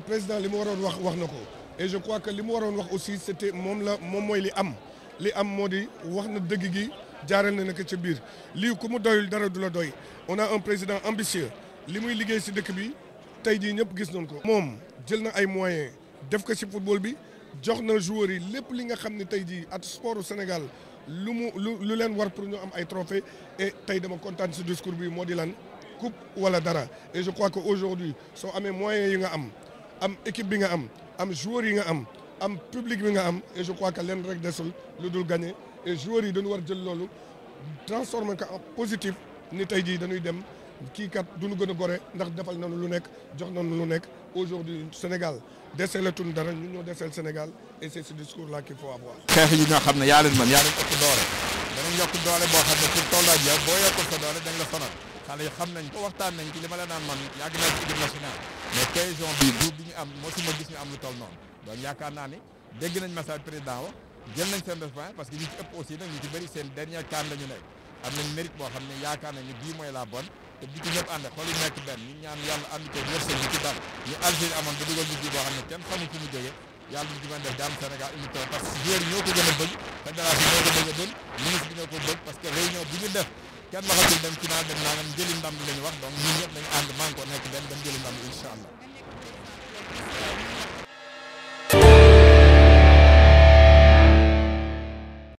président li mu wax wax nako et je crois que li mu wax aussi c'était mon la mon moy li am li am modi wax na deug gi jaral na nekk ci biir li ku doyul dara dula doy on a un président ambitieux limuy muy ci deuk bi tay di ñep gis non ko. mom jël na ay moyens def ko ci football bi jox na joueur yi lepp li nga xamni tay di at sport Sénégal lu mu lu len war pour ñu am ay trophées et tay dama kontaan si discours bi modi lan coupe wala dara et je crois que aujourd'hui soo amé moyens yi nga am am équipe bi nga am am joueur yi nga am am public bi nga am et je crois que len rek desul lu gagner et joueur yi dañu war jël lolu transformer ko en positif ni tay ji dañuy dem ki kat duñu gëna goré ndax defal nañu lu nekk jox nañu lu nekk aujourd'hui Sénégal desee la tun dara ñu ñoo deseel Sénégal et c'est ce discours là qu'il faut avoir. xex yi nga xam ne yaa leen man ya leen ëpp doole ñu yokk doole boo xam ne pour tollaaj yow boo yokkul sa doole da nga sonal xale yi xam nañ ko waxtaan nañ ci lima la naan man yàgg na ci équipe nationale mais cohésion bi groupe bi ñu am mosuma gis ñu am lu toll noonu donc yaakaar naa ni dégg nañ message président wa jël nañ seen responsabilité parce que ñu ci ëpp aussi nag ñu ci bëri seen dernier kan la nekk am nañ mérite boo xam ne yaakaar nañu bii mooy la bonne te bu ci ñëpp ànd xool yi nekk benn ñu ñaan yàlla ànd ko seen ci ñu Algérie amoon ba dugal nit yi boo xam ne kenn xamul fu mu jógee yàlla ñu ci mën Sénégal uni parce que joueurs wax donc